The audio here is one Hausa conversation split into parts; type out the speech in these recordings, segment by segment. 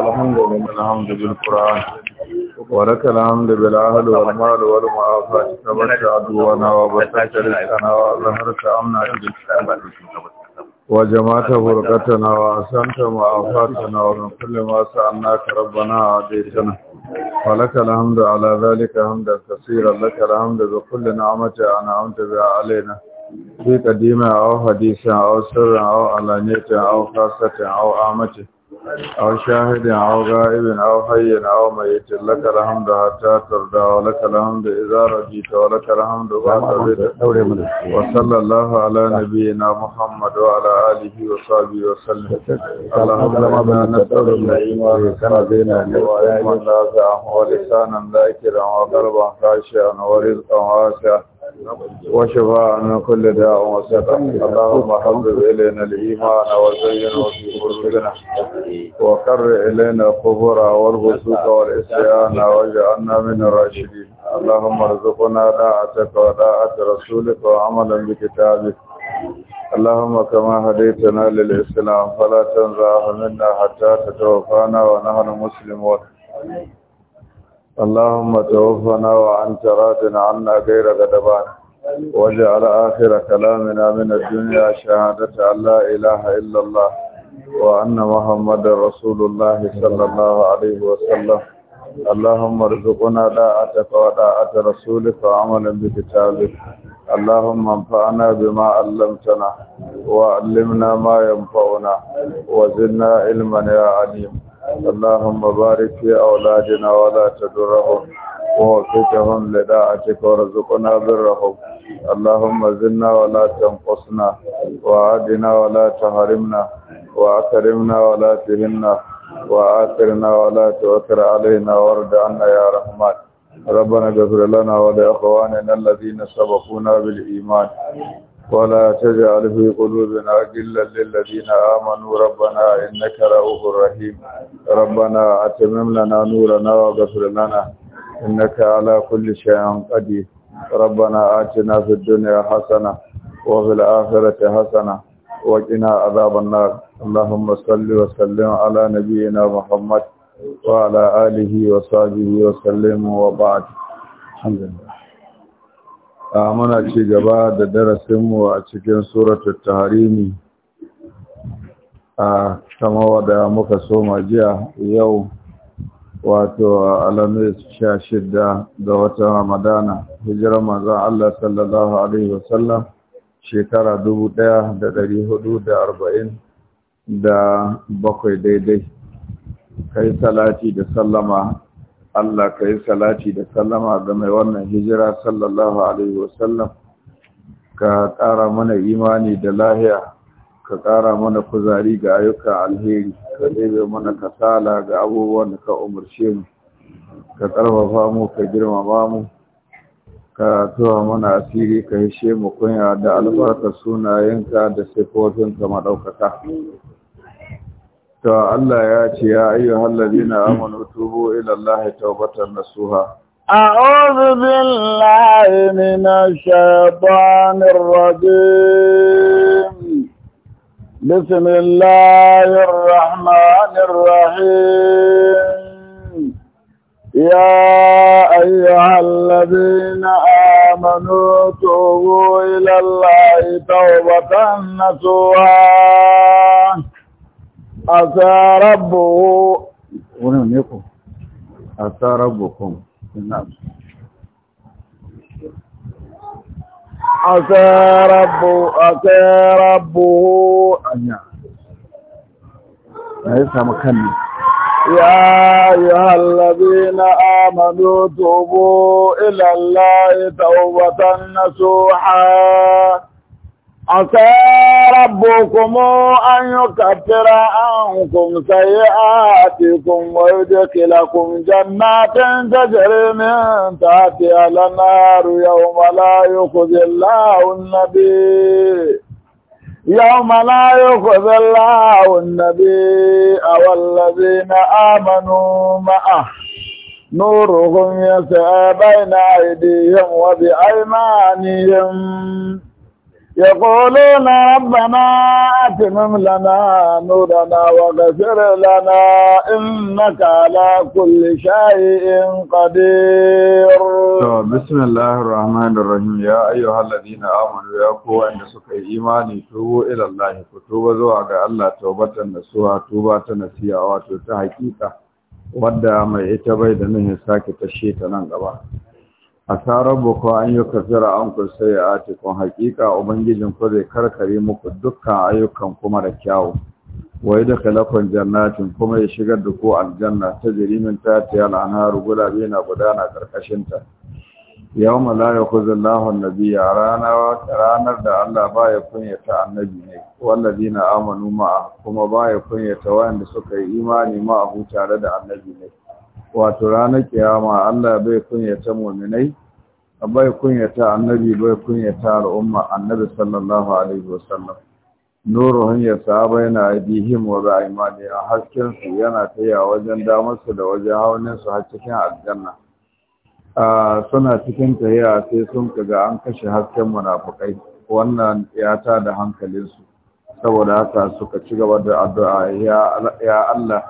الحمد لله الحمد بالقرآن ولك الحمد بالأهل والمال والمعافات كبت عدونا وبسط رزقنا وظهرت أمنا وجمعت فرقتنا وأحسنت معافاتنا ومن كل ما سألناك ربنا عديتنا ولك الحمد على ذلك حمدا كثيرا لك الحمد بكل نعمة أنعمت بها علينا في قديمة أو حديثة أو سر أو علانية أو خاصة أو عامة أو شاهد أو غائب أو حي أو ميت لك الحمد حتى ترضى ولك الحمد إذا رجيت ولك الحمد بعد رضا وصلى الله على نبينا محمد وعلى آله وصحبه وسلم اللهم إنا نسألك إيمانا سندينا وعلما نافعا ولسانا ذاكرا وقلبا خاشعا ورزقا واسعا وشفاء من كل داء وسقى اللهم حبب إلينا الإيمان وزينه في قلوبنا وقر إلينا الكفر والفسوق والإسيان واجعلنا من الراشدين اللهم ارزقنا داعتك وطاعة رسولك وعملا بكتابك اللهم كما هديتنا للإسلام فلا تنزعه منا حتى تتوفانا ونحن مسلمون اللهم توفنا وأنت راض عنا غير غضبان واجعل آخر كلامنا من الدنيا شهادة أن لا إله إلا الله وأن محمد رسول الله صلى الله عليه وسلم اللهم ارزقنا داعتك وداعة رسولك وعملا بكتابك اللهم انفعنا بما علمتنا وعلمنا ما ينفعنا وزدنا علما يا عليم اللهم بارك في أولادنا ولا تدرهم ووفقهم لداعتك وارزقنا برهم اللهم زلنا ولا تنقصنا وعادنا ولا تحرمنا وأكرمنا ولا تهنا وآثرنا ولا تؤثر علينا وارد عنا يا رحمن ربنا اغفر لنا ولإخواننا الذين سبقونا بالإيمان ولا تجعل في قلوبنا غلا للذين آمنوا ربنا إنك رؤوف رحيم ربنا أتمم لنا نورنا واغفر لنا إنك على كل شيء قدير ربنا آتنا في الدنيا حسنة وفي الآخرة حسنة وقنا عذاب النار اللهم صل وسلم على نبينا محمد وعلى آله وصحبه وسلم وبعد الحمد لله muna ci gaba da darasinmu a cikin suratul tahrimi a kama da muka soma jiya yau wato alamis sha shidda ga wata ramadana hijirar manzan Allah sallallahu Alaihi wasallam shekara dubu ɗaya da ɗari hudu da arba'in da bakwai daidai kai salati da sallama Allah ka yi salati da sallama ga mai wannan hijira sallallahu alaihi wasallam ka ƙara mana imani da lahiya ka ƙara mana kuzari ga ayyukan alheri ka ɗebe mana kasala ga abubuwan da ka umarce mu ka ƙarfafa mu ka girmama mu ka tuwa mana asiri ka hishe mu kunya da albarkar sunayenka da siffofinka maɗaukaka to Allah يا أيها الذين آمنوا توبوا إلى الله توبة Allah أعوذ بالله من الشيطان الرجيم بسم الله الرحمن الرحيم يا أيها الذين آمنوا توبوا إلى الله توبة نسوها asa rabbuhu wannan ne ku asa rabbukum na'am asa rabbu asa rabbuhu samu عسى ربكم أن يكفر عنكم سيئاتكم ويدخلكم جنات تجري من تحتها الأنهار يوم لا يخزي الله النبي يوم لا يخزي الله النبي والذين آمنوا معه نورهم يسعى بين أيديهم وبأيمانهم Yakolona rabba na ati mam lana nuda na waga sere lana in na kala kulle shayi in kade yoro. Ta bisimilah da Rahim ya ayyo halari na Amadu ya kowa inda suka yi imani tuwo ilan lahi ku tuba zuwa ga Allah ta batan da suwa tuba ta na siya wato ta haƙiƙa wadda mai ita bai da nan ya sake tashe ta nan gaba. asarar boko an yi kafira an kursai a tikon hakika ubangijin ku zai karkare muku dukkan ayyukan kuma da kyawu wai da kalakon jannatin kuma ya shigar da ku aljanna ta jirimin ta tiya al'anaru bai na gudana karkashinta yau malaya ku zallahun nabiya ranar da allah ba ya kunyata annabi ne wallazi na amanu ma'a kuma ba ya kunyata wayanda suka yi imani ma'a tare da annabi ne wato ranar kiyama Allah bai kunyata mu'minai bai kunyata annabi bai kunyata al'umma annabi sallallahu alaihi wasallam nuru hanyar sahaba yana aibihim wa ba'imani a hasken su yana taya wajen damar su da wajen haunin su har cikin aljanna a suna cikin tahiya sai sun kaga an kashe hasken munafukai wannan ya ta da hankalin su saboda haka suka ci gaba da addu'a ya Allah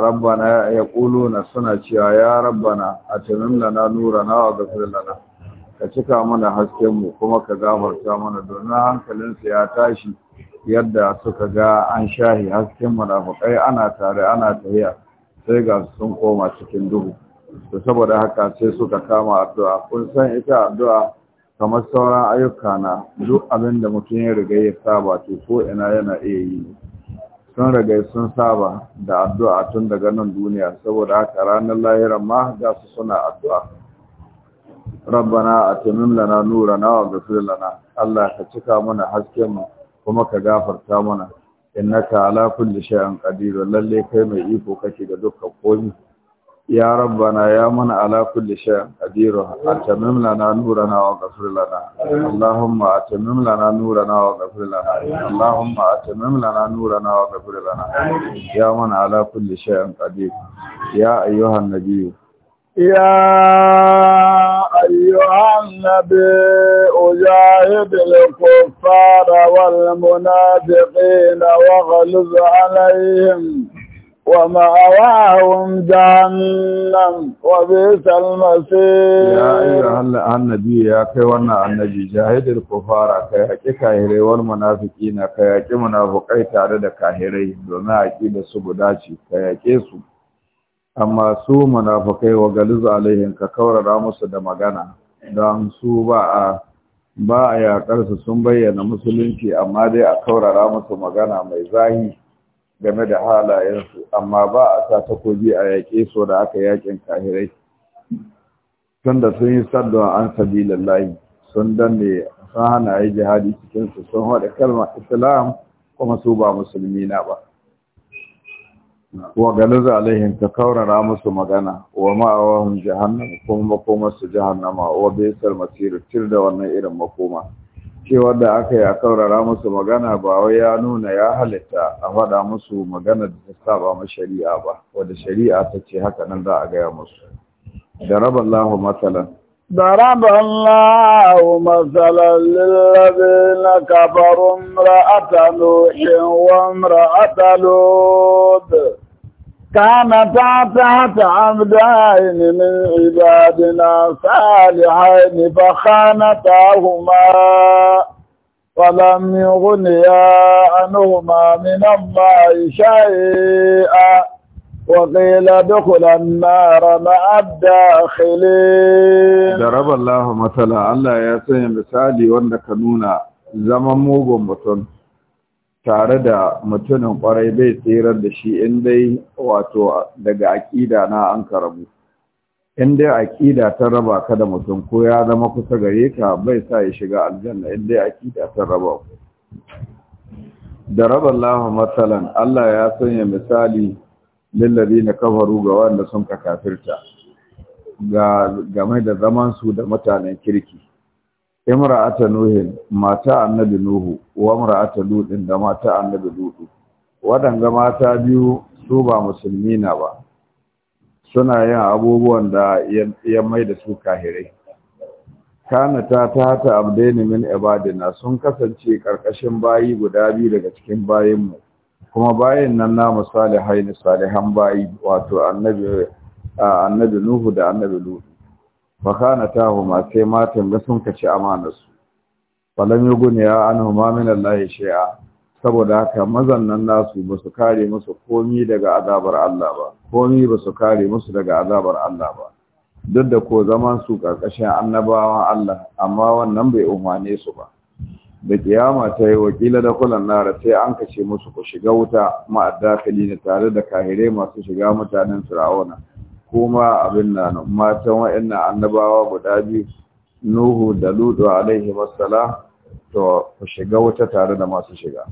rabbana yaquluna suna cewa ya rabbana atina lana nurana wa ghfir lana ka cika mana hasken mu kuma ka gafarta mana domin hankalinsu ya tashi yadda suka ga an shahi hasken munafukai ana tare ana tahiya sai ga sun koma cikin duhu to saboda haka sai suka kama addu'a kun san ita addu'a kamar sauran ayyuka na duk abin da mutum ya riga ya saba to ko ina yana iya yi sun ragai sun saba da addu'a tun daga nan duniya saboda haka ranar lahira ma ga su suna addu'a rabbana tunin lana nura na wa ghfir lana Allah ka cika mana hasken mu kuma ka gafarta mana inna ala kulli shay'in ƙadiru lalle kai mai iko kake da dukkan komi يا ربنا يا من على كل شيء قدير اتمم لنا نورنا واغفر لنا اللهم اتمم لنا نورنا واغفر لنا اللهم اتمم لنا نورنا واغفر لنا يا من على كل شيء قدير يا ايها النبي يا ايها النبي اجاهد الكفار والمنافقين واغلظ عليهم ومعواهم جهنم وبئس المصير يا أيها النبي يا كيوانا النبي جاهد الكفار كي كيهاكي كاهري والمنافقين كي كيهاكي منافقين تعدد كاهري دوما أكيد كي كيهاكي سو أما سو منافقين وغلز عليهم ككور راموس دمغانا دان سو باء باء يا قرس نمسلين كي أما دي أكور راموس مغانا ميزاهي game da halayensu amma ba a sa takobi a yaƙe su da aka yaƙin kahirai Tunda sun yi saddon an lallahi, sun danne sun hana yi jihadi cikinsu sun haɗa kalmar islam kuma su ba musulmi na ba wa galiza ta kaurara musu magana wa ma'awahum jihannan kuma makoma su jihannama wa bisal masir tir da wannan irin makoma cewa da aka yi a saurara musu magana ba wai ya nuna ya halitta a faɗa musu magana da ta saba ma shari'a ba wadda shari'a ta ce haka nan za a gaya musu da raba Allahu matsalan ضرب الله مثلا للذين كفروا امرأة نوح وامرأة لوط كانتا تحت عبدين من عبادنا صالحين فخانتاهما ولم يغنيا عنهما من الله شيئا وقيل دخل النار مع الداخلين ضرب الله مثلا الله يا سيدي مثالي وانك نونا زمن موغم mutum. tare da mutumin ƙwarai bai tsirar da shi in dai wato daga aƙida na an karabu in dai aƙida ta raba ka da mutum ko ya zama kusa gare ka bai sa ya shiga aljanna in dai aƙida ta raba ku da raba Allah matsalan Allah ya sanya misali lillabi na kafaru ga wanda sun ka kafirta game da zamansu da mutanen kirki imra'ata nuhin mata annabi nuhu wa imra'ata lutin da mata annabi lutu wadanga mata biyu su ba musulmi na ba suna yin abubuwan da ya mai da su kahirai kana ta ta abdaini min ibadina sun kasance ƙarƙashin bayi guda biyu daga cikin bayinmu kuma bayin nan namu salihai ne salihan bayi wato annabi nuhu da annabi lutu fakana ta huma sai matan da sun kaci amanarsu falam yi guniya an huma min Allah shi'a saboda haka mazan nan nasu ba su kare musu komi daga azabar Allah ba komi ba su kare musu daga azabar Allah ba duk da ko zaman su karkashin annabawan Allah amma wannan bai umane su ba da kiyama ta yi wakila da kulan nara sai an kace musu ku shiga wuta ma'addakali ne tare da kahire masu shiga mutanen fir'auna kuma abin nan matan wa'annan annabawa guda biyu Nuhu da Lutu alaihi wassalam to ku shiga wuta tare da masu shiga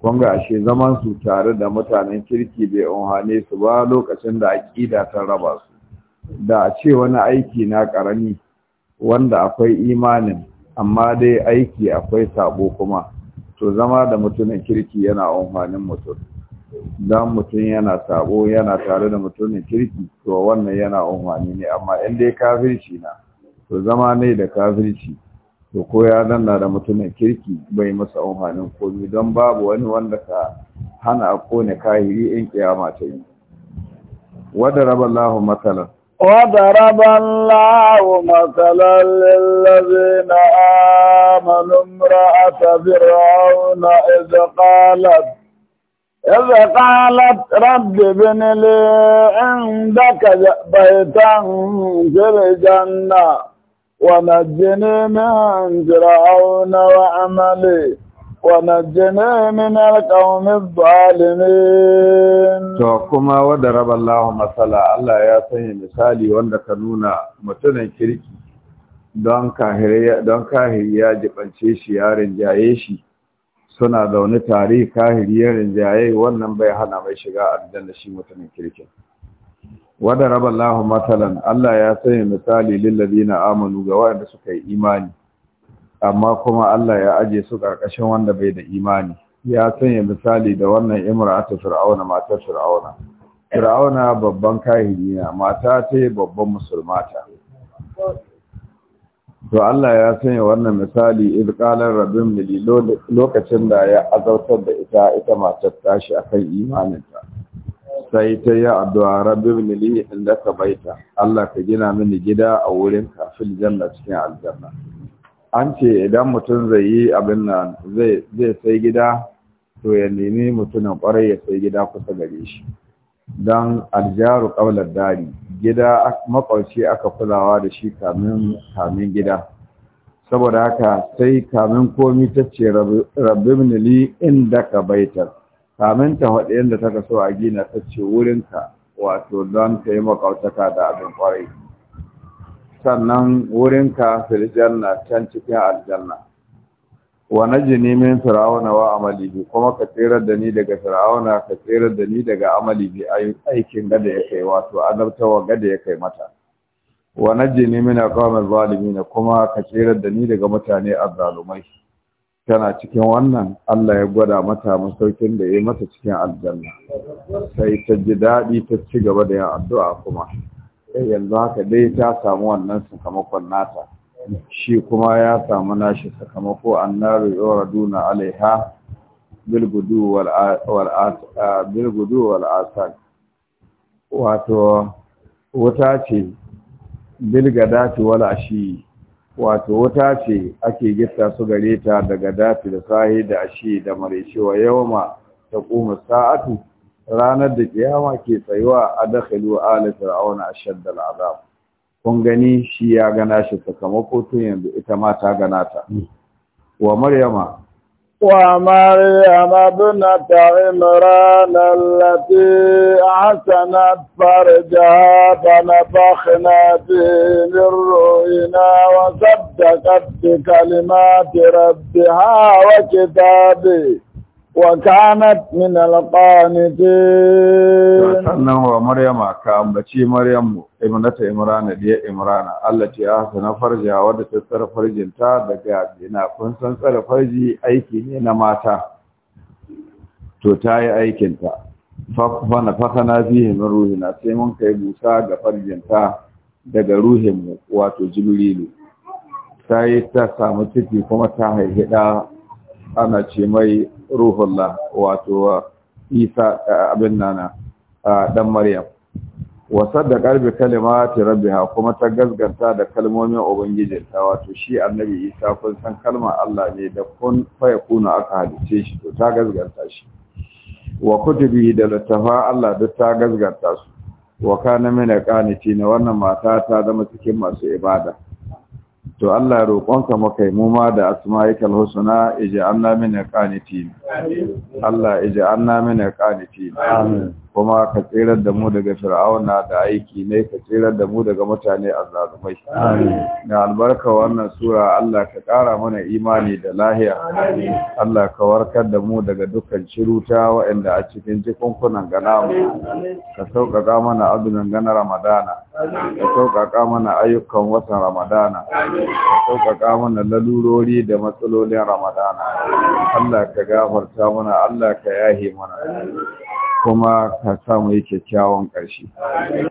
kun ga ashe zaman su tare da mutanen kirki bai unhane su ba lokacin da aqida ta raba su da a ce wani aiki na karami wanda akwai imanin amma dai aiki akwai sabo kuma to zama da mutumin kirki yana unhanin mutum dan mutum yana sabo yana tare da mutumin kirki to wannan yana umani ne amma in dai kafirci na to zama ne da kafirci to ko ya danna da mutumin kirki bai masa umarnin komai, don babu wani wanda ka hana a kone kahiri in kiyama ta yi wadda raba Allah matsalar وضرب الله مثلا للذين آمنوا امرأة فرعون إذ قالت إذ قالت رب ابن لي da بيتا في الجنة ونجني من فرعون وعملي ونجني من القوم الظالمين to kuma wanda raballahu masala Allah ya sanya misali wanda ka nuna mutunan kirki don kahiri ya jibance shi yarin jaye shi suna zaune tare kahiri ya rinjaye wannan bai hana mai shiga aljanna shi mutumin kirkin wada raba Allahu matalan Allah ya sanya misali lil ladina amanu ga waɗanda suka yi imani amma kuma Allah ya aje su karkashin wanda bai da imani ya sanya misali da wannan imra'atu fir'auna matar fir'auna fir'auna babban kahiri mata ce babban musulmata to Allah ya sanya wannan misali izqalar rabbim li lokacin da ya azautar da ita ita matar tashi akan imaninta sai ta yi addu'a rabbim li inda ka baita Allah ka gina mini gida a wurin ka fil janna cikin aljanna an ce idan mutum zai yi abin nan zai zai sai gida to ya nemi mutumin kwarai ya sai gida kusa gare shi don aljaru ƙaular dari gida makwauci aka kulawa da shi kamin gida saboda haka sai kamin komi ta ce rabin li inda ka baitar kamin ta faɗi yadda ta kaso a gina ta ce wurinka wato don ta yi da abin kwarai sannan wurinka janna can cikin aljanna wa najini min fir'auna wa amalihi kuma ka tsirar da ni daga fir'auna ka tsirar da ni daga amalihi aikin gada ya kai wato azabtawa gada ya kai mata wa najini min aqamil zalimin kuma ka tsirar da ni daga mutane azzalumai tana cikin wannan Allah ya gwada mata masaukin da yayi mata cikin aljanna sai ta ji daɗi ta ci gaba da yin addu'a kuma yanzu haka dai ta samu wannan sakamakon nata shi kuma ya samu nashi sakamako annaru yuraduna alaiha bil wal bil gudu wal wato wuta ce wala shi wato wuta ce ake gista su gare ta daga dati da sahi da ashi da marece wa yawma kuma sa'atu ranar da kiyama ke tsayuwa a dakhilu ala fir'auna ashaddal azab kun gani shi ya gana shi sakamako tun yanzu ita ma ta gana ta wa maryama wa maryama ibnata imran allati ahsanat farjaha na bakina fi min ruhina wa saddaqat bi kalimati rabbiha wa kitabihi وكانت من القانتين sannan wa maryama ka ambaci maryamu ibnata imrana diya imrana Allah ce ya sana farja wadda ta tsara farjinta daga ina kun san tsara farji aiki ne na mata to ta yi aikinta fana fakana fihi min ruhina sai mun kai busa ga farjinta daga ruhinmu wato jibrilu ta yi ta samu ciki kuma ta haihida ana ce mai ruhullah wato isa abin nana dan maryam wa da kalbi kalimati rabbiha kuma ta gasganta da kalmomin ta wato shi annabi isa kun san kalmar Allah ne da kun faya kuna aka halice shi to ta gasganta shi wa kutubi da littafa Allah duk ta gasganta su wa kana mina qaniti na wannan mata ta zama cikin masu ibada to Allah roƙonka makai mu ma da asma'ikal husna ij'alna min qanitin Allah ij'alna min qanitin kuma ka tsirar da mu daga fir'auna da aiki ne ka tsirar da mu daga mutane azzalumai da albarka wannan sura Allah ka ƙara mana imani da lahiya Allah ka warkar da mu daga dukkan ciruta waɗanda a cikin jikunkunan ganawa amin ka sauƙaƙa mana azumin ganar ramadana ya sauƙaƙa mana ayyukan watan ramadana ya sauƙaƙa mana lalurori da matsalolin ramadana Allah ka gafarta mana Allah ka yahe mana kuma ka samu yi kyakkyawan ƙarshe